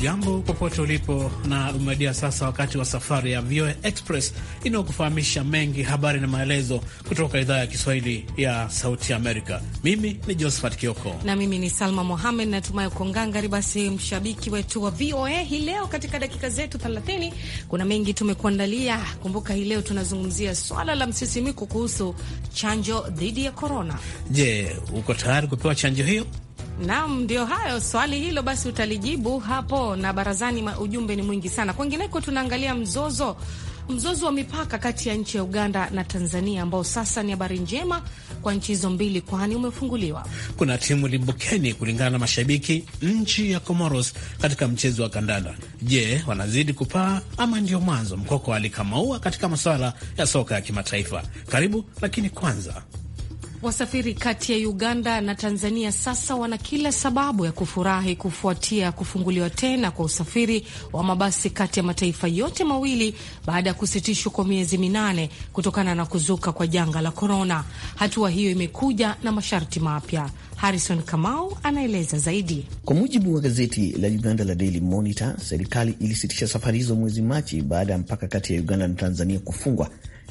Hujambo popote ulipo, na umeadia sasa wakati wa safari ya VOA Express inayokufahamisha mengi, habari na maelezo kutoka idhaa ya Kiswahili ya Sauti Amerika. Mimi ni Josephat Kioko na mimi ni Salma Mohamed. Natumai uko ngangari. Basi mshabiki wetu wa VOA eh, hii leo, katika dakika zetu 30 kuna mengi tumekuandalia. Kumbuka hii leo tunazungumzia swala la msisimiko kuhusu chanjo dhidi ya korona. Je, uko tayari kupewa chanjo hiyo? Naam, ndio hayo. Swali hilo basi utalijibu hapo, na barazani ujumbe ni mwingi sana. Kwengineko tunaangalia mzozo mzozo wa mipaka kati ya nchi ya Uganda na Tanzania ambao sasa ni habari njema kwa nchi hizo mbili, kwani umefunguliwa. Kuna timu limbukeni kulingana na mashabiki, nchi ya Comoros katika mchezo wa kandanda. Je, wanazidi kupaa ama ndio mwanzo? Mkoko alikamaua katika masuala ya soka ya kimataifa. Karibu, lakini kwanza Wasafiri kati ya Uganda na Tanzania sasa wana kila sababu ya kufurahi kufuatia kufunguliwa tena kwa usafiri wa mabasi kati ya mataifa yote mawili baada ya kusitishwa kwa miezi minane kutokana na kuzuka kwa janga la korona. Hatua hiyo imekuja na masharti mapya. Harrison Kamau anaeleza zaidi. Kwa mujibu wa gazeti la Uganda la Daily Monitor, serikali ilisitisha safari hizo mwezi Machi baada ya mpaka kati ya Uganda na Tanzania kufungwa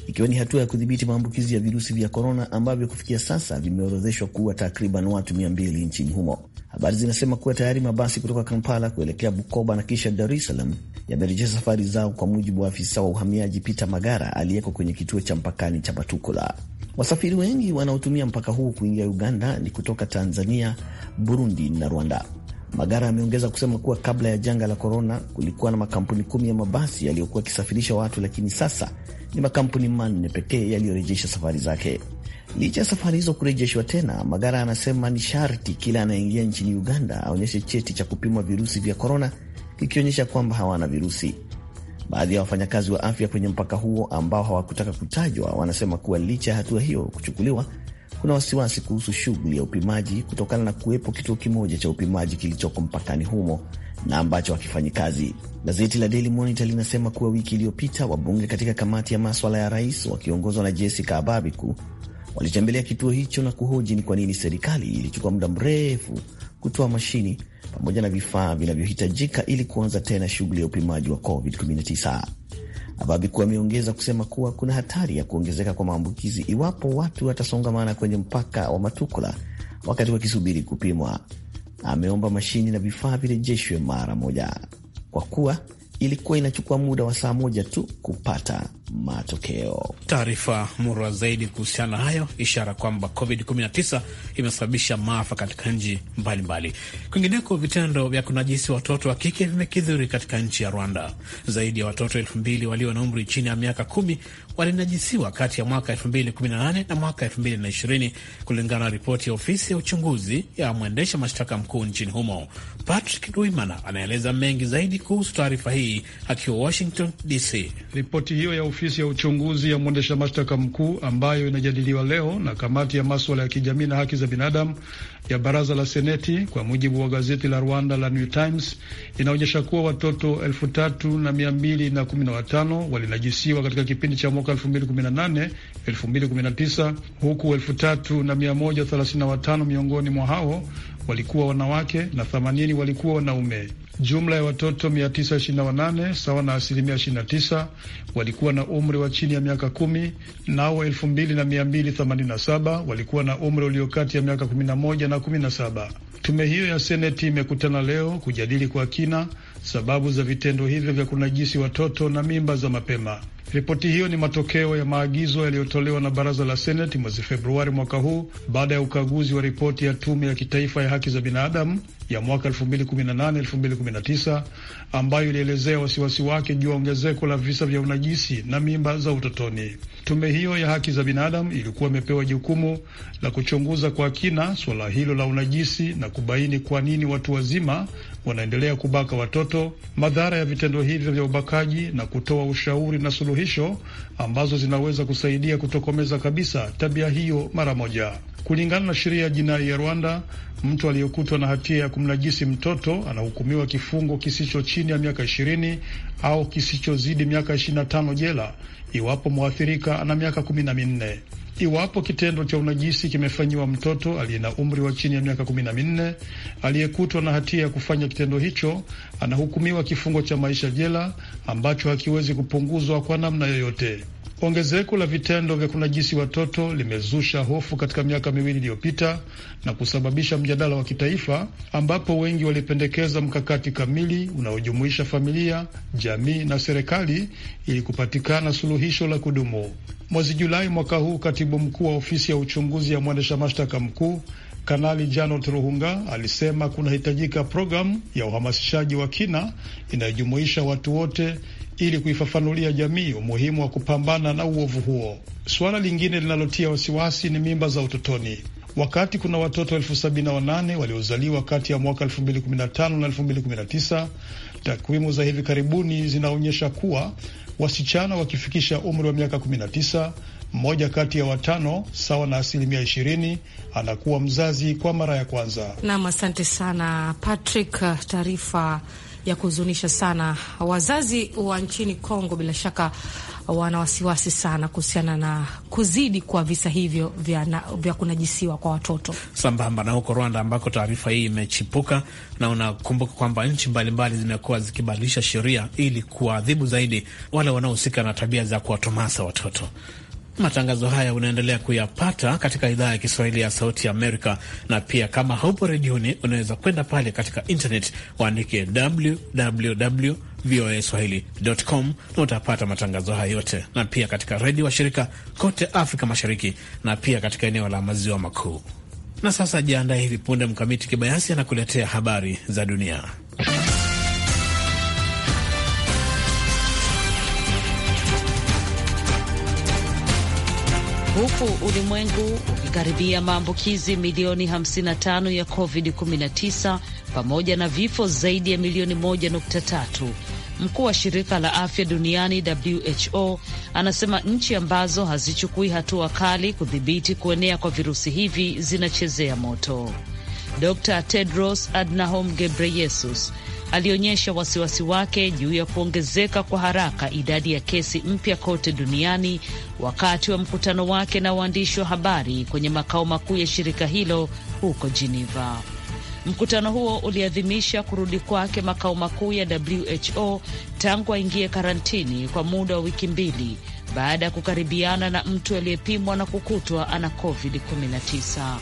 ikiwa ni hatua ya kudhibiti maambukizi ya virusi vya korona ambavyo kufikia sasa vimeorodheshwa kuwa takriban watu 200 nchini humo. Habari zinasema kuwa tayari mabasi kutoka Kampala kuelekea Bukoba na kisha Dar es Salaam yamerejesha safari zao, kwa mujibu wa afisa wa uhamiaji Peter Magara aliyeko kwenye kituo cha mpakani cha Batukula. Wasafiri wengi wanaotumia mpaka huu kuingia Uganda ni kutoka Tanzania, Burundi na Rwanda. Magara ameongeza kusema kuwa kabla ya janga la korona kulikuwa na makampuni kumi ya mabasi yaliyokuwa yakisafirisha watu, lakini sasa ni makampuni manne pekee yaliyorejesha safari zake. Licha ya safari hizo kurejeshwa tena, Magara anasema ni sharti kila anayeingia nchini Uganda aonyeshe cheti cha kupimwa virusi vya korona kikionyesha kwamba hawana virusi. Baadhi ya wafanyakazi wa afya kwenye mpaka huo ambao hawakutaka kutajwa wanasema kuwa licha ya hatua hiyo kuchukuliwa, kuna wasiwasi kuhusu shughuli ya upimaji kutokana na kuwepo kituo kimoja cha upimaji kilichoko mpakani humo na ambacho hakifanyi kazi. Gazeti la Daily Monitor linasema kuwa wiki iliyopita wabunge katika kamati ya maswala ya rais wakiongozwa na Jessica Ababiku walitembelea kituo hicho na kuhoji ni kwa nini serikali ilichukua muda mrefu kutoa mashini pamoja na vifaa vinavyohitajika ili kuanza tena shughuli ya upimaji wa COVID-19. Ababiku ameongeza kusema kuwa kuna hatari ya kuongezeka kwa maambukizi iwapo watu watasongamana kwenye mpaka wa Matukula wakati wakisubiri kupimwa ameomba mashini na vifaa virejeshwe mara moja, kwa kuwa ilikuwa inachukua muda wa saa moja tu kupata matokeo. Taarifa murwa zaidi kuhusiana hayo, ishara kwamba COVID-19 imesababisha maafa katika nchi mbalimbali. Kwingineko, vitendo vya kunajisi watoto wa kike vimekidhuri katika nchi ya Rwanda. Zaidi ya watoto elfu mbili walio na umri chini ya miaka kumi walinajisiwa kati ya mwaka 2018 na mwaka 2020 kulingana na ripoti ya ofisi ya uchunguzi ya mwendesha mashtaka mkuu nchini humo. Patrick Duimana anaeleza mengi zaidi kuhusu taarifa hii akiwa Washington DC. Ripoti hiyo ya ofisi ya uchunguzi ya mwendesha mashtaka mkuu ambayo inajadiliwa leo na kamati ya maswala ya kijamii na haki za binadamu ya baraza la Seneti, kwa mujibu wa gazeti la Rwanda la New Times, inaonyesha kuwa watoto 3215 walinajisiwa katika kipindi cha mwaka 2018 2019, huku 3135 miongoni mwa hao walikuwa wanawake na 80 walikuwa wanaume. Jumla ya watoto 928 sawa na asilimia 29 walikuwa na umri wa chini ya miaka kumi, nao 2287 walikuwa na umri ulio kati ya miaka 11 na 17. Tume hiyo ya Seneti imekutana leo kujadili kwa kina sababu za vitendo hivyo vya kunajisi watoto na mimba za mapema. Ripoti hiyo ni matokeo ya maagizo yaliyotolewa na baraza la Seneti mwezi Februari mwaka huu baada ya ukaguzi wa ripoti ya tume ya kitaifa ya haki za binadamu ya mwaka 2018-2019 ambayo ilielezea wasiwasi wake juu ya ongezeko la visa vya unajisi na mimba za utotoni. Tume hiyo ya haki za binadamu ilikuwa imepewa jukumu la kuchunguza kwa kina suala hilo la unajisi na kubaini kwa nini watu wazima wanaendelea kubaka watoto, madhara ya vitendo hivyo vya ubakaji na kutoa ushauri na suluhu suluhisho ambazo zinaweza kusaidia kutokomeza kabisa tabia hiyo mara moja. Kulingana na sheria ya jinai ya Rwanda, mtu aliyekutwa na hatia ya kumnajisi mtoto anahukumiwa kifungo kisicho chini ya miaka ishirini au kisichozidi miaka ishirini na tano jela iwapo mwathirika ana miaka kumi na minne iwapo kitendo cha unajisi kimefanyiwa mtoto aliye na umri wa chini ya miaka kumi na minne aliyekutwa na hatia ya kufanya kitendo hicho, anahukumiwa kifungo cha maisha jela ambacho hakiwezi kupunguzwa kwa namna yoyote. Ongezeko la vitendo vya kunajisi watoto limezusha hofu katika miaka miwili iliyopita na kusababisha mjadala wa kitaifa ambapo wengi walipendekeza mkakati kamili unaojumuisha familia, jamii na serikali ili kupatikana suluhisho la kudumu. Mwezi Julai mwaka huu, katibu mkuu wa ofisi ya uchunguzi ya mwendesha mashtaka mkuu Kanali Janot Ruhunga alisema kunahitajika programu ya uhamasishaji wa kina inayojumuisha watu wote ili kuifafanulia jamii umuhimu wa kupambana na uovu huo. Suala lingine linalotia wasiwasi ni mimba za utotoni. Wakati kuna watoto elfu sabini na wanane waliozaliwa kati ya mwaka 2015 na 2019, takwimu za hivi karibuni zinaonyesha kuwa Wasichana wakifikisha umri wa miaka 19, mmoja kati ya watano sawa na asilimia 20 anakuwa mzazi kwa mara ya kwanza. Nam, asante sana Patrick, taarifa ya kuhuzunisha sana. Wazazi wa nchini Kongo bila shaka wana wasiwasi sana kuhusiana na kuzidi kwa visa hivyo vya, na, vya kunajisiwa kwa watoto sambamba na huko Rwanda ambako taarifa hii imechipuka, na unakumbuka kwamba nchi mbalimbali zimekuwa zikibadilisha sheria ili kuwaadhibu zaidi wale wanaohusika na tabia za kuwatomasa watoto. Matangazo haya unaendelea kuyapata katika idhaa ya Kiswahili ya Sauti ya Amerika, na pia kama haupo redioni, unaweza kwenda pale katika internet, waandike www voa swahili.com na utapata matangazo haya yote, na pia katika redio wa shirika kote Afrika Mashariki na pia katika eneo la Maziwa Makuu. Na sasa jiandae hivi punde, Mkamiti Kibayasi anakuletea habari za dunia. huku ulimwengu ukikaribia maambukizi milioni 55 ya COVID-19 pamoja na vifo zaidi ya milioni 1.3. Mkuu wa shirika la afya duniani WHO anasema nchi ambazo hazichukui hatua kali kudhibiti kuenea kwa virusi hivi zinachezea moto. Dr Tedros Adhanom Ghebreyesus alionyesha wasiwasi wake juu ya kuongezeka kwa haraka idadi ya kesi mpya kote duniani wakati wa mkutano wake na waandishi wa habari kwenye makao makuu ya shirika hilo huko Geneva. Mkutano huo uliadhimisha kurudi kwake makao makuu ya WHO tangu aingie karantini kwa muda wa wiki mbili baada ya kukaribiana na mtu aliyepimwa na kukutwa ana COVID-19.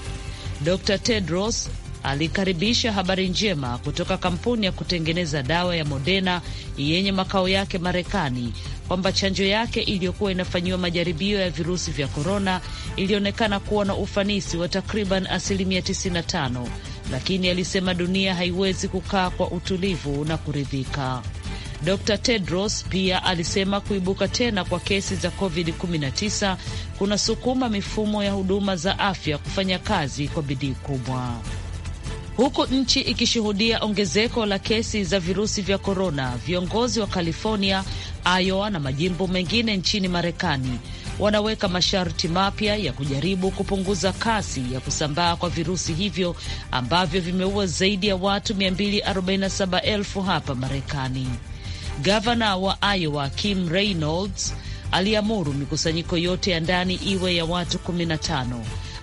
Dr Tedros alikaribisha habari njema kutoka kampuni ya kutengeneza dawa ya Moderna yenye makao yake Marekani kwamba chanjo yake iliyokuwa inafanyiwa majaribio ya virusi vya korona ilionekana kuwa na ufanisi wa takriban asilimia 95, lakini alisema dunia haiwezi kukaa kwa utulivu na kuridhika. Dr Tedros pia alisema kuibuka tena kwa kesi za COVID-19 kunasukuma mifumo ya huduma za afya kufanya kazi kwa bidii kubwa. Huku nchi ikishuhudia ongezeko la kesi za virusi vya korona, viongozi wa California, Iowa na majimbo mengine nchini Marekani wanaweka masharti mapya ya kujaribu kupunguza kasi ya kusambaa kwa virusi hivyo ambavyo vimeua zaidi ya watu 247,000 hapa Marekani. Gavana wa Iowa Kim Reynolds aliamuru mikusanyiko yote ya ndani iwe ya watu 15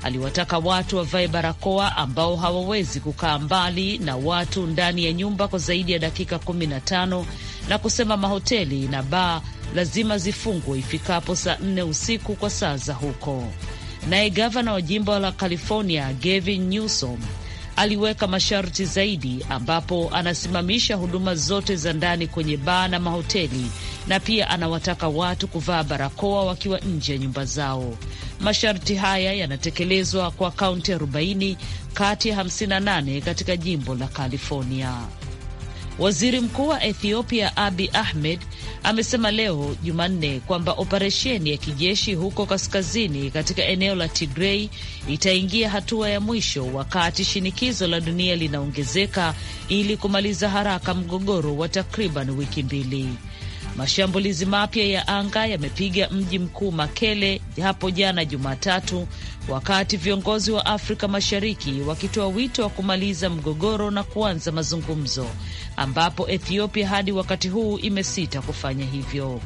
aliwataka watu wavae barakoa ambao hawawezi kukaa mbali na watu ndani ya nyumba kwa zaidi ya dakika 15 na kusema mahoteli na baa lazima zifungwe ifikapo saa nne usiku kwa saa za huko. Naye gavana wa jimbo la California Gavin Newsom aliweka masharti zaidi, ambapo anasimamisha huduma zote za ndani kwenye baa na mahoteli, na pia anawataka watu kuvaa barakoa wakiwa nje ya nyumba zao. Masharti haya yanatekelezwa kwa kaunti 40 kati ya 58 katika jimbo la California. Waziri Mkuu wa Ethiopia Abi Ahmed amesema leo Jumanne kwamba operesheni ya kijeshi huko kaskazini katika eneo la Tigrei itaingia hatua ya mwisho wakati shinikizo la dunia linaongezeka ili kumaliza haraka mgogoro wa takriban wiki mbili. Mashambulizi mapya ya anga yamepiga mji mkuu Makele hapo jana Jumatatu, wakati viongozi wa Afrika Mashariki wakitoa wito wa kumaliza mgogoro na kuanza mazungumzo, ambapo Ethiopia hadi wakati huu imesita kufanya hivyo.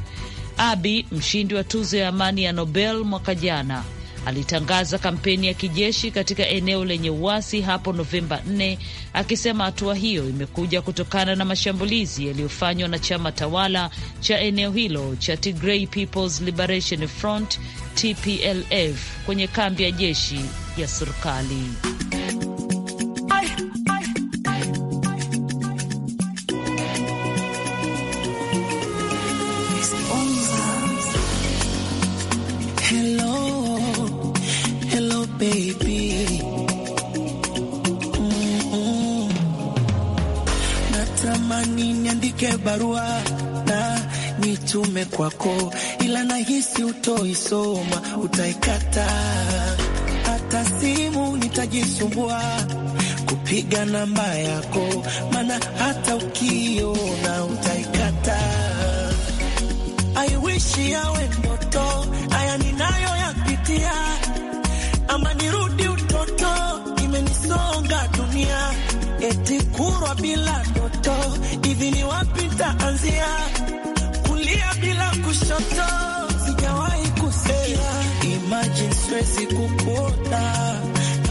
Abi, mshindi wa tuzo ya amani ya Nobel mwaka jana alitangaza kampeni ya kijeshi katika eneo lenye uasi hapo Novemba 4 akisema hatua hiyo imekuja kutokana na mashambulizi yaliyofanywa na chama tawala cha eneo hilo cha Tigray People's Liberation Front TPLF kwenye kambi ya jeshi ya serikali. kwako, ila nahisi utoisoma, utaikata. Hata simu nitajisumbua kupiga namba yako, maana hata ukiona utaikata. I wish yawe ndoto haya ninayo yapitia, ama nirudi utoto, imenisonga dunia, eti kurwa bila ndoto, hivi ni wapi ntaanzia bila kushoto, sijawahi kusikia. Imagine siwezi kukuona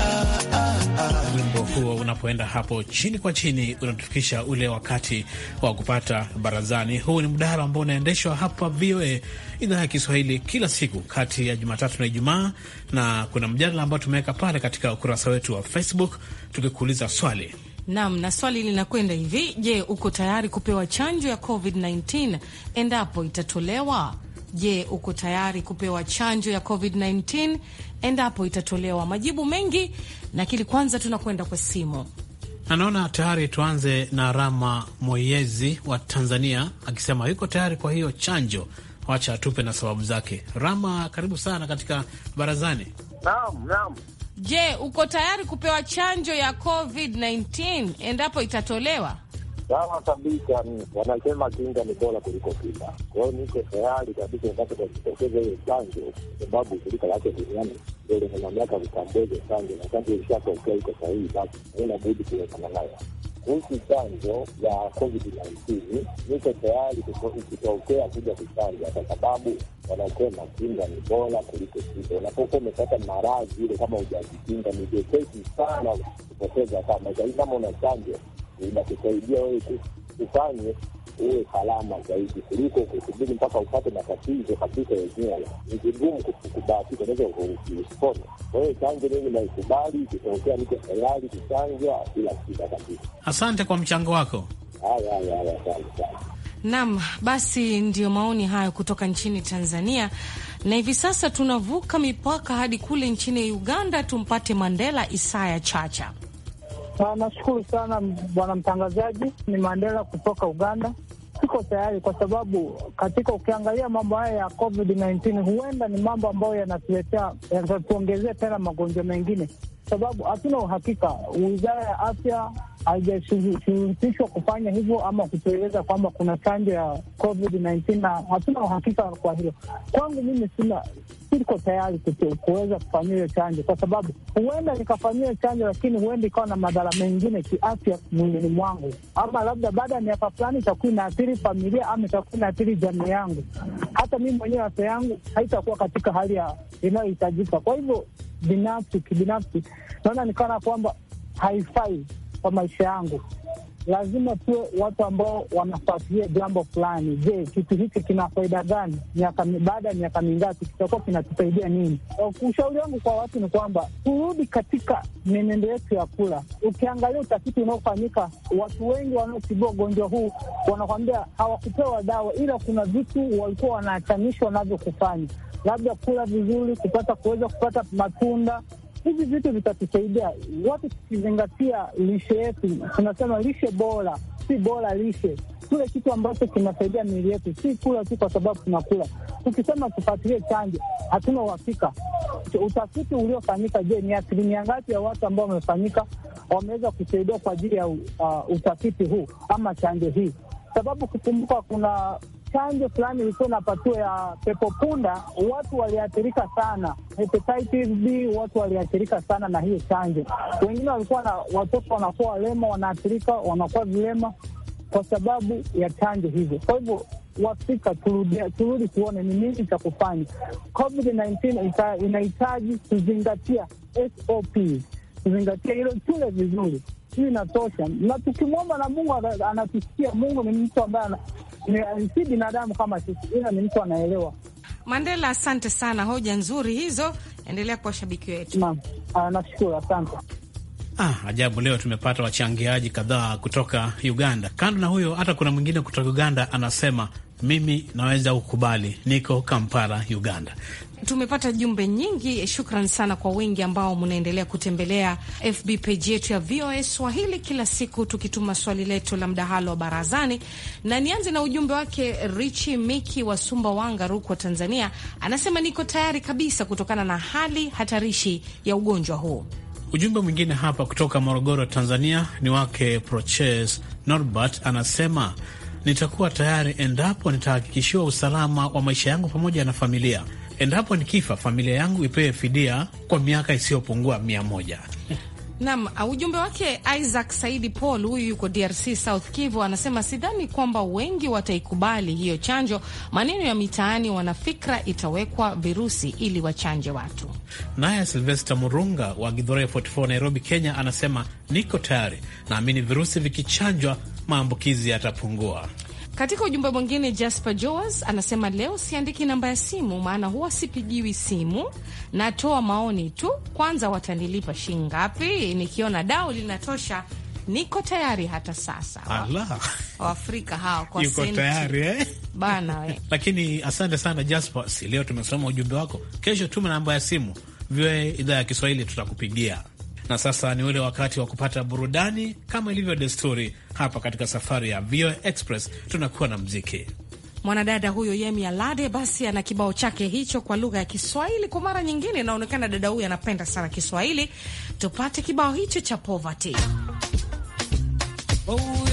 ah, ah, ah. wimbo huo unapoenda hapo chini kwa chini, unatufikisha ule wakati wa kupata barazani. Huu ni mdahalo ambao unaendeshwa hapa VOA idhaa ya Kiswahili kila siku kati ya Jumatatu na Ijumaa, na kuna mjadala ambao tumeweka pale katika ukurasa wetu wa Facebook tukikuuliza swali Nam, na swali linakwenda hivi: je, uko tayari kupewa chanjo ya COVID-19 endapo itatolewa? Je, uko tayari kupewa chanjo ya COVID-19 endapo itatolewa? Majibu mengi, lakini kwanza tunakwenda kwa simu. Anaona tayari. Tuanze na Rama Moyezi wa Tanzania akisema yuko tayari kwa hiyo chanjo. Wacha atupe na sababu zake. Rama, karibu sana katika barazani. Naam, naam. Je, uko tayari kupewa chanjo ya COVID-19 endapo itatolewa? Sawa kabisa, wanasema kinga ni bora kuliko kinga. Kwa hiyo niko tayari kabisa endapo tajitokeza hiyo chanjo, kwa sababu shirika lake duniani ndio lina mamlaka kutambua hizo chanjo, na chanjo ilishapokea iko sahihi, basi haina budi kuwekana nayo kuhusu chanjo ya COVID-19, niko tayari ikitokea kuja kuchanja, kwa sababu wanasema kinga ni bora kuliko kinga. Unapokuwa umepata maradhi ile, kama hujajikinga ni jepesi sana kupoteza kama zaidi. Kama una chanjo inakusaidia wewe ufanye uwe salama zaidi kuliko kusubiri mpaka upate matatizo katika yenyewe. Ni vigumu kubahatika, unaweza kuipona. Kwa hiyo chanjo mimi naikubali, ikitokea niko tayari kuchanja bila shida kabisa. Asante kwa mchango wako. Haya, haya, haya, asante sana. basi ndiyo maoni hayo kutoka nchini Tanzania. Na hivi sasa tunavuka mipaka hadi kule nchini Uganda tumpate Mandela Isaya Chacha. Ah, nashukuru sana bwana mtangazaji. Ni Mandela kutoka Uganda. Siko tayari kwa sababu katika ukiangalia mambo haya ya COVID-19 huenda ni mambo ambayo yanatuletea yatatuongezea tena magonjwa mengine, sababu hatuna uhakika. Wizara ya afya haijashurutishwa kufanya hivyo ama kutueleza kwamba kuna chanjo ya COVID-19 na hatuna uhakika kwa hilo. Kwangu mimi sina siko tayari kuweza kufanyia hiyo chanjo, kwa sababu huenda nikafanyia hiyo chanjo, lakini huenda ikawa na madhara mengine kiafya mwilini mwangu, ama labda baada ya miaka fulani itakuwa inaathiri familia ama itakuwa inaathiri jamii yangu, hata mimi mwenyewe afya yangu haitakuwa katika hali ya inayohitajika. Kwa hivyo binafsi, kibinafsi naona nikana kwamba haifai kwa maisha yangu, lazima tuwe watu ambao wanafuatilia jambo fulani. Je, kitu hiki kina faida gani? miaka baada ya miaka mingapi kitakuwa kinatusaidia nini? Ushauri wangu kwa watu ni kwamba turudi katika mienendo yetu ya kula. Ukiangalia utafiti unaofanyika, watu wengi wanaotibua ugonjwa huu wanakwambia hawakupewa dawa, ila kuna vitu walikuwa wanaachanishwa kufanya labda kula vizuri, kupata kuweza kupata matunda hivi vitu vitatusaidia watu tukizingatia lishe yetu. Tunasema lishe bora, si bora lishe, kule kitu ambacho kinasaidia miili yetu, si kula tu kwa sababu tunakula. Tukisema tufuatilie chanjo, hatuna uhakika. Utafiti uliofanyika, je, ni asilimia ngapi ya watu ambao wamefanyika wameweza kusaidiwa kwa ajili ya uh, utafiti huu ama chanjo hii? Sababu kukumbuka, kuna chanjo fulani ilikuwa inapatiwa ya pepo punda watu waliathirika sana hepatitis B, watu waliathirika sana na hiyo chanjo. Wengine walikuwa na watoto wanakuwa walema, wanaathirika, wanakuwa vilema kwa sababu ya chanjo hizo. Kwa hivyo Waafrika turudi tuone ni nini cha kufanya. COVID-19 inahitaji kuzingatia SOP, kuzingatia hilo shule vizuri hiyo inatosha, na tukimwomba na Mungu anatusikia. Mungu ni mtu ambaye si binadamu kama sisi, ila ni mtu anaelewa. Mandela, asante sana, hoja nzuri hizo, endelea kuwa shabiki wetu. Naam, ah, nashukuru, asante. Ah, ajabu leo tumepata wachangiaji kadhaa kutoka Uganda. Kando na huyo, hata kuna mwingine kutoka Uganda anasema mimi naweza kukubali, niko Kampala, Uganda. Tumepata jumbe nyingi. Shukran sana kwa wengi ambao mnaendelea kutembelea FB page yetu ya VOA Swahili kila siku, tukituma swali letu la mdahalo wa barazani, na nianze na ujumbe wake Richi Miki wa Sumbawanga, Rukwa, Tanzania. Anasema niko tayari kabisa kutokana na hali hatarishi ya ugonjwa huu. Ujumbe mwingine hapa kutoka Morogoro, Tanzania ni wake Proches Norbert, anasema nitakuwa tayari endapo nitahakikishiwa usalama wa maisha yangu pamoja na familia endapo nikifa, familia yangu ipewe fidia kwa miaka isiyopungua mia moja. Nam uh, ujumbe wake Isaac Saidi Paul, huyu yuko DRC South Kivu, anasema sidhani kwamba wengi wataikubali hiyo chanjo. Maneno ya mitaani, wanafikra itawekwa virusi ili wachanje watu. Naye Silvester Murunga wa Githurai 44 Nairobi, Kenya, anasema niko tayari, naamini virusi vikichanjwa maambukizi yatapungua. Katika ujumbe mwingine, Jasper Joas anasema leo siandiki namba ya simu, maana huwa sipigiwi simu, natoa maoni tu. Kwanza watanilipa shilingi ngapi? Nikiona dau linatosha niko tayari hata sasa. Waafrika hawa kwa yuko tayari eh? Bana we. Lakini asante sana Jasper, si leo tumesoma ujumbe wako. Kesho tume namba ya simu vyoe, idhaa ya Kiswahili tutakupigia. Na sasa ni ule wakati wa kupata burudani kama ilivyo desturi hapa katika safari ya VOA Express, tunakuwa na mziki. Mwanadada huyo Yemi Alade basi ana kibao chake hicho kwa lugha ya Kiswahili. Kwa mara nyingine, inaonekana dada huyu anapenda sana Kiswahili. Tupate kibao hicho cha Poverty. Oh.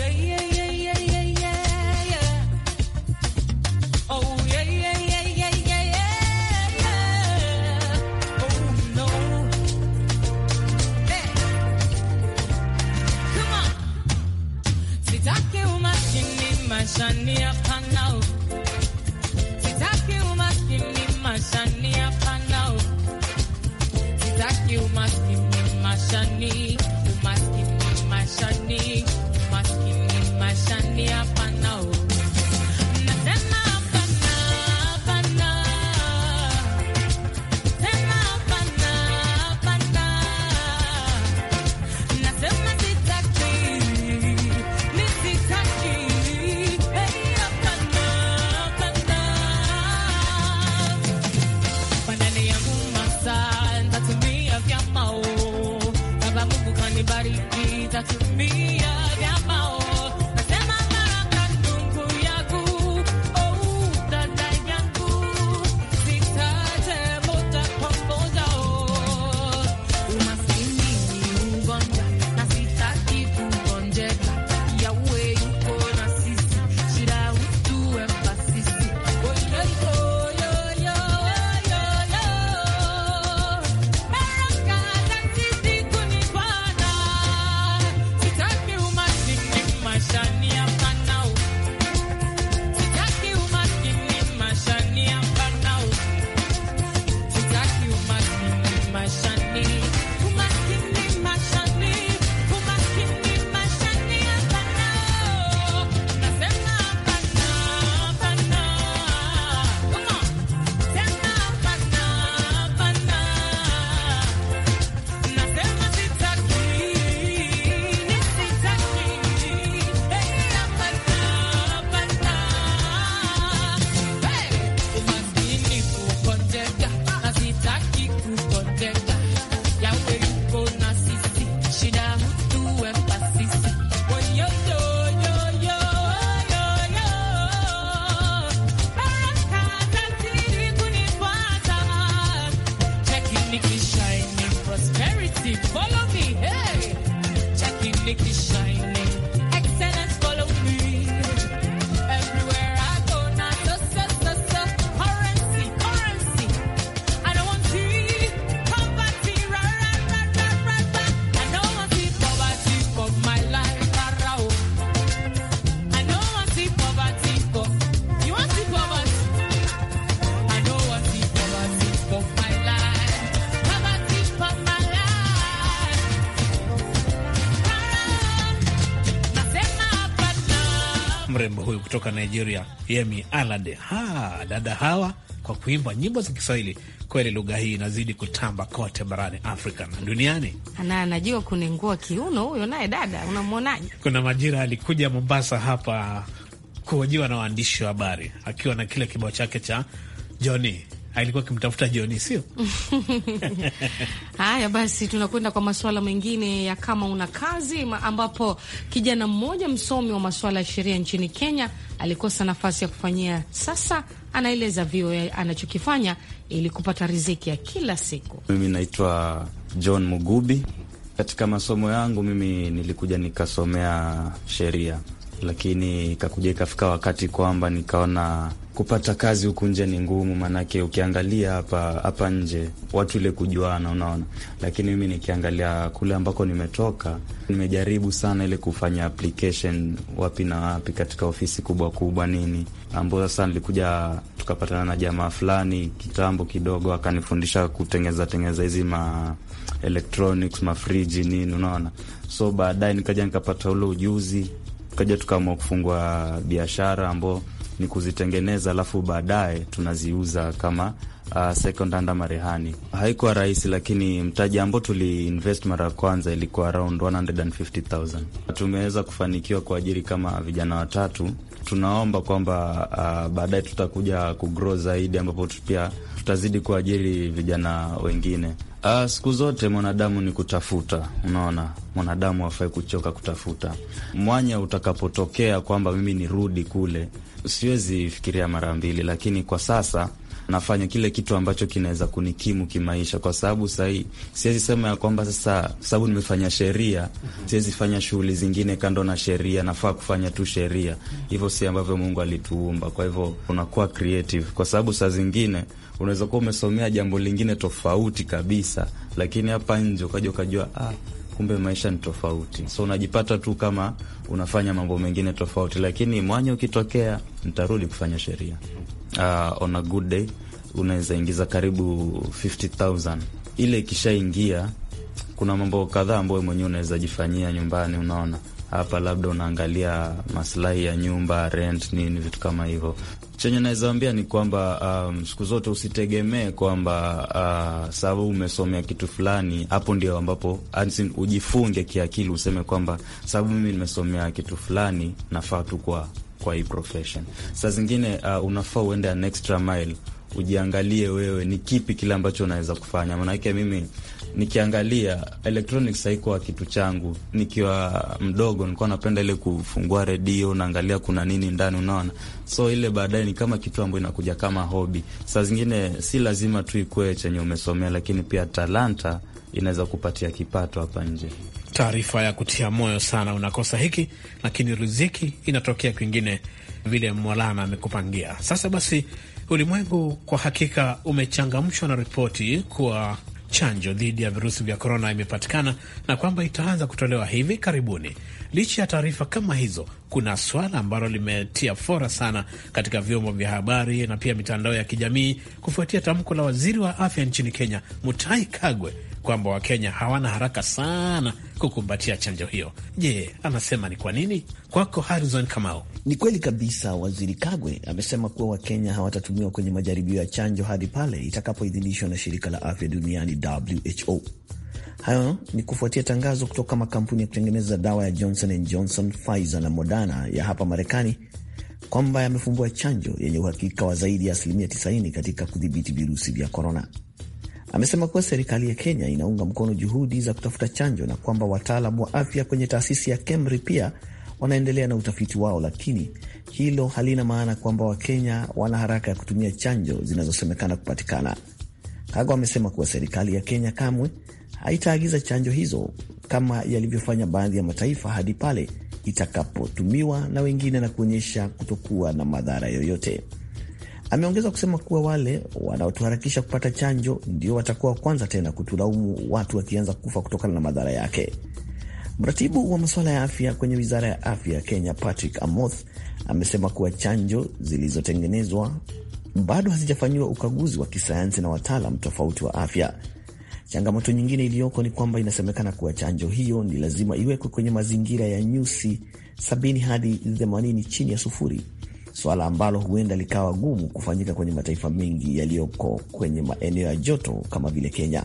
I need. make this Nigeria, Yemi Alade. Ha, dada hawa kwa kuimba nyimbo za Kiswahili kweli, lugha hii inazidi kutamba kote barani Afrika na duniani. Na anajua kunengua kiuno huyo, naye dada unamwonaje? Kuna majira alikuja Mombasa hapa kuhojiwa na waandishi wa habari akiwa na kile kibao chake cha Johnny alikuwa akimtafuta jioni sio? Haya basi, tunakwenda kwa masuala mengine ya kama una kazi, ambapo kijana mmoja msomi wa masuala ya sheria nchini Kenya alikosa nafasi ya kufanyia. Sasa anaeleza VOA anachokifanya ili kupata riziki ya kila siku. Mimi naitwa John Mugubi. Katika masomo yangu mimi nilikuja nikasomea sheria, lakini ikakuja ikafika wakati kwamba nikaona kupata kazi huku nje ni ngumu, maanake ukiangalia hapa hapa nje watu ile kujuana, unaona. Lakini mimi nikiangalia kule ambako nimetoka, nimejaribu sana ile kufanya application wapi na wapi, katika ofisi kubwa kubwa nini, ambapo sasa nilikuja tukapatana na jamaa fulani kitambo kidogo, akanifundisha kutengeza tengeza hizi ma electronics mafriji nini, unaona. So baadaye nikaja nikapata ule ujuzi, tukaja tukaamua kufungua biashara ambao ni kuzitengeneza, alafu baadaye tunaziuza kama uh, second hand marehani. Haikuwa rahisi, lakini mtaji ambao tuliinvest mara ya kwanza ilikuwa around 150,000 tumeweza kufanikiwa kuajiri kama vijana watatu. Tunaomba kwamba uh, baadaye tutakuja kugrow zaidi, ambapo pia tutazidi kuajiri vijana wengine. Uh, siku zote mwanadamu ni kutafuta. Unaona, mwanadamu afai kuchoka kutafuta. Mwanya utakapotokea kwamba mimi nirudi kule siwezi fikiria mara mbili, lakini kwa sasa nafanya kile kitu ambacho kinaweza kunikimu kimaisha, kwa sababu sahii siwezi sema ya kwamba sasa, sababu nimefanya sheria, siwezi fanya shughuli zingine kando na sheria. Nafaa kufanya tu sheria, hivyo si ambavyo Mungu alituumba. Kwa hivyo unakuwa creative, kwa sababu saa zingine unaweza kuwa umesomea jambo lingine tofauti kabisa, lakini hapa nje ukaja ukajua ah, kumbe maisha ni tofauti. So unajipata tu kama unafanya mambo mengine tofauti, lakini mwanya ukitokea, ntarudi kufanya sheria. Uh, on a good day unaweza ingiza karibu 50,000 ile ikishaingia kuna mambo kadhaa ambayo mwenyewe unaweza jifanyia nyumbani. Unaona hapa, labda unaangalia maslahi ya nyumba, rent, nini, vitu kama hivyo. Chenye naweza ambia ni kwamba um, siku zote usitegemee kwamba uh, sababu umesomea kitu fulani, hapo ndio ambapo ansin, ujifunge kiakili, useme kwamba sababu mimi nimesomea kitu fulani nafaa tu kwa kwa hii profession. Saa zingine uh, unafaa uende an extra mile ujiangalie wewe ni kipi kile ambacho unaweza kufanya. Maanake mimi nikiangalia electronics haikuwa kitu changu nikiwa mdogo, nilikuwa napenda ile kufungua redio, naangalia kuna nini ndani, unaona. So ile baadaye ni kama kitu ambayo inakuja kama hobi. Saa zingine si lazima tu ikuwe chenye umesomea, lakini pia talanta inaweza kupatia kipato hapa nje. Taarifa ya kutia moyo sana. Unakosa hiki lakini riziki inatokea kwingine, vile Mwalana amekupangia. Sasa basi Ulimwengu kwa hakika umechangamshwa na ripoti kuwa chanjo dhidi ya virusi vya korona imepatikana na kwamba itaanza kutolewa hivi karibuni. Licha ya taarifa kama hizo, kuna swala ambalo limetia fora sana katika vyombo vya habari na pia mitandao ya kijamii kufuatia tamko la waziri wa afya nchini Kenya, Mutahi Kagwe, kwamba Wakenya hawana haraka sana kukumbatia chanjo hiyo. Je, anasema ni kwa nini? Kwako Harrison Kamau. Ni kweli kabisa, Waziri Kagwe amesema kuwa Wakenya hawatatumiwa kwenye majaribio ya chanjo hadi pale itakapoidhinishwa na shirika la afya duniani WHO. Hayo ni kufuatia tangazo kutoka makampuni ya kutengeneza dawa ya Johnson and Johnson, Pfizer na Moderna ya hapa Marekani kwamba yamefumbua chanjo yenye uhakika wa zaidi ya asilimia 90 katika kudhibiti virusi vya korona amesema kuwa serikali ya Kenya inaunga mkono juhudi za kutafuta chanjo na kwamba wataalam wa afya kwenye taasisi ya KEMRI pia wanaendelea na utafiti wao, lakini hilo halina maana kwamba Wakenya wana haraka ya kutumia chanjo zinazosemekana kupatikana. kago amesema kuwa serikali ya Kenya kamwe haitaagiza chanjo hizo kama yalivyofanya baadhi ya mataifa hadi pale itakapotumiwa na wengine na kuonyesha kutokuwa na madhara yoyote. Ameongeza kusema kuwa wale wanaotuharakisha kupata chanjo ndio watakuwa kwanza tena kutulaumu watu wakianza kufa kutokana na madhara yake. Mratibu wa masuala ya afya kwenye wizara ya afya Kenya, Patrick Amoth, amesema kuwa chanjo zilizotengenezwa bado hazijafanyiwa ukaguzi wa kisayansi na wataalam tofauti wa afya. Changamoto nyingine iliyoko ni kwamba inasemekana kuwa chanjo hiyo ni lazima iwekwe kwenye mazingira ya nyusi sabini hadi 80 chini ya sufuri suala ambalo huenda likawa gumu kufanyika kwenye mataifa mengi yaliyoko kwenye maeneo ya joto kama vile Kenya.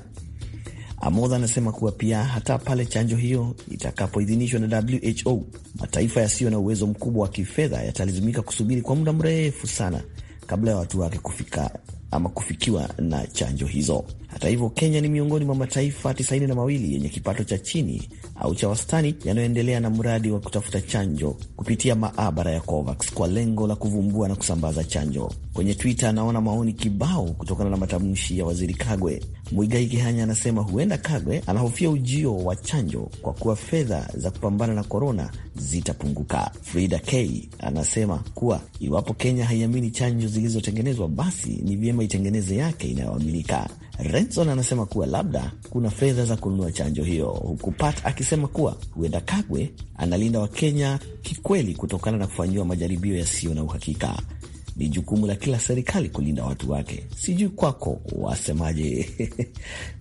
Amodha anasema kuwa pia hata pale chanjo hiyo itakapoidhinishwa na WHO, mataifa yasiyo na uwezo mkubwa wa kifedha yatalazimika kusubiri kwa muda mrefu sana kabla ya watu wake kufika ama kufikiwa na chanjo hizo. Hata hivyo, Kenya ni miongoni mwa mataifa tisaini na mawili yenye kipato cha chini au cha wastani yanayoendelea na mradi wa kutafuta chanjo kupitia maabara ya COVAX kwa lengo la kuvumbua na kusambaza chanjo. Kwenye Twitter anaona maoni kibao kutokana na matamshi ya waziri Kagwe. Mwigai Kihanya anasema huenda Kagwe anahofia ujio wa chanjo kwa kuwa fedha za kupambana na korona zitapunguka. Frida K anasema kuwa iwapo Kenya haiamini chanjo zilizotengenezwa, basi ni vyema itengeneze yake inayoaminika. Renson anasema kuwa labda kuna fedha za kununua chanjo hiyo, huku Pat akisema kuwa huenda Kagwe analinda Wakenya kikweli kutokana na kufanyiwa majaribio yasiyo na uhakika. Ni jukumu la kila serikali kulinda watu wake. Sijui kwako wasemaje?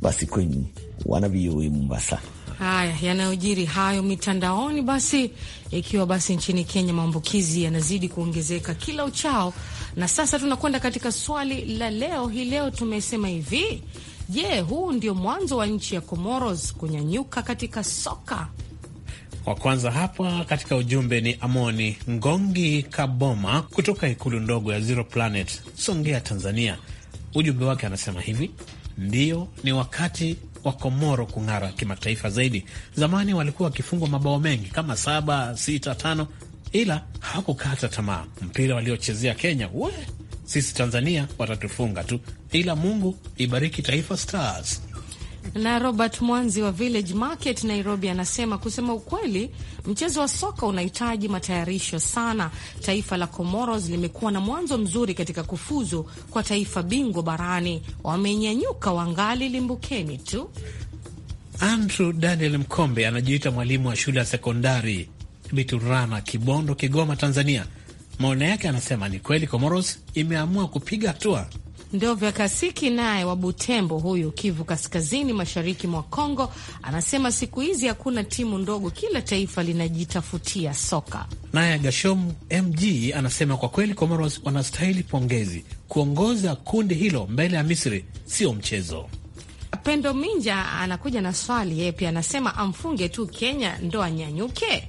Basi kwenyu wana VOA e Mombasa. Haya yanayojiri hayo mitandaoni, basi ikiwa basi nchini Kenya maambukizi yanazidi kuongezeka kila uchao, na sasa tunakwenda katika swali la leo. Hii leo tumesema hivi, je, huu ndio mwanzo wa nchi ya Comoros kunyanyuka katika soka? Wa kwanza hapa katika ujumbe ni Amoni Ngongi Kaboma kutoka ikulu ndogo ya Zero Planet, Songea, Tanzania. Ujumbe wake anasema hivi: ndiyo, ni wakati wa Komoro kung'ara kimataifa zaidi. Zamani walikuwa wakifungwa mabao mengi kama saba, sita, tano, ila hawakukata tamaa. Mpira waliochezea Kenya, we sisi Tanzania watatufunga tu, ila Mungu ibariki Taifa Stars. Na Robert Mwanzi wa Village Market Nairobi anasema kusema ukweli, mchezo wa soka unahitaji matayarisho sana. Taifa la Comoros limekuwa na mwanzo mzuri katika kufuzu kwa taifa bingwa barani, wamenyanyuka, wangali limbukeni tu. Andrew Daniel Mkombe anajiita mwalimu wa shule ya sekondari Biturana, Kibondo, Kigoma, Tanzania. Maoni yake anasema ni kweli Comoros imeamua kupiga hatua Ndovya Kasiki naye wa Butembo, huyu Kivu Kaskazini, mashariki mwa Kongo, anasema siku hizi hakuna timu ndogo, kila taifa linajitafutia soka. Naye gashomu MG anasema kwa kweli Komoro wanastahili pongezi, kuongoza kundi hilo mbele ya Misri sio mchezo. Pendo Minja anakuja na swali, yeye pia anasema amfunge tu Kenya ndo anyanyuke.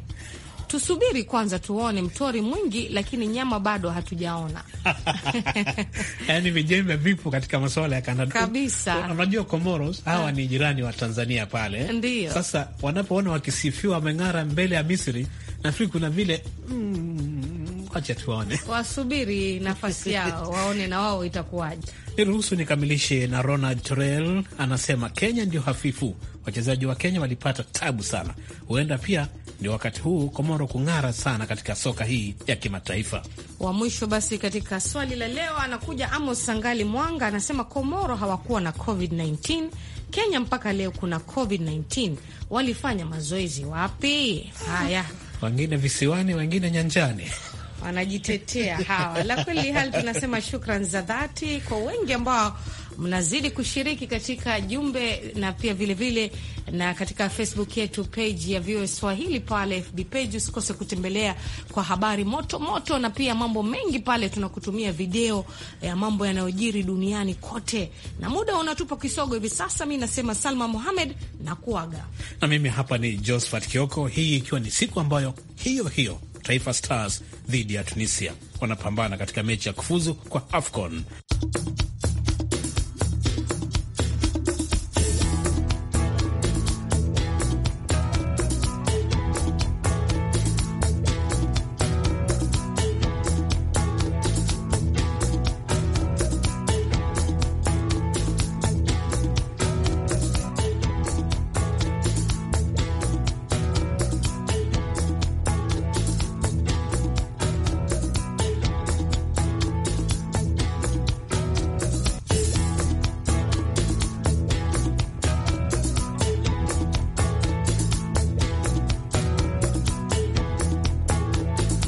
Tusubiri kwanza tuone mtori mwingi, lakini nyama bado hatujaona. Yani vijembe vipo katika masuala ya Kanada kabisa. Unajua Comoros hawa ha, ah. ni jirani wa Tanzania pale, ndio sasa wanapoona wakisifiwa wameng'ara mbele ya Misri, nafikiri kuna vile mm, wacha tuone, wasubiri nafasi yao waone na wao itakuwaje. Niruhusu nikamilishe na Ronald Torel anasema Kenya ndio hafifu, wachezaji wa Kenya walipata tabu sana, huenda pia ni wakati huu Komoro kung'ara sana katika soka hii ya kimataifa. Wa mwisho basi katika swali la leo anakuja Amos Sangali Mwanga, anasema Komoro hawakuwa na COVID-19. Kenya mpaka leo kuna COVID-19, walifanya mazoezi wapi? Haya, wengine visiwani, wengine nyanjani wanajitetea hawa. La kweli hali tunasema shukran za dhati kwa wengi ambao mnazidi kushiriki katika jumbe na pia vilevile vile, na katika Facebook yetu page ya VOA Swahili pale FB page, usikose kutembelea kwa habari moto moto na pia mambo mengi pale. Tunakutumia video ya mambo yanayojiri duniani kote, na muda unatupa kisogo hivi sasa. Mi nasema Salma Muhamed na kuaga na mimi hapa ni Josephat Kioko, hii ikiwa ni siku ambayo hiyo hiyo Taifa Stars dhidi ya Tunisia wanapambana katika mechi ya kufuzu kwa AFCON.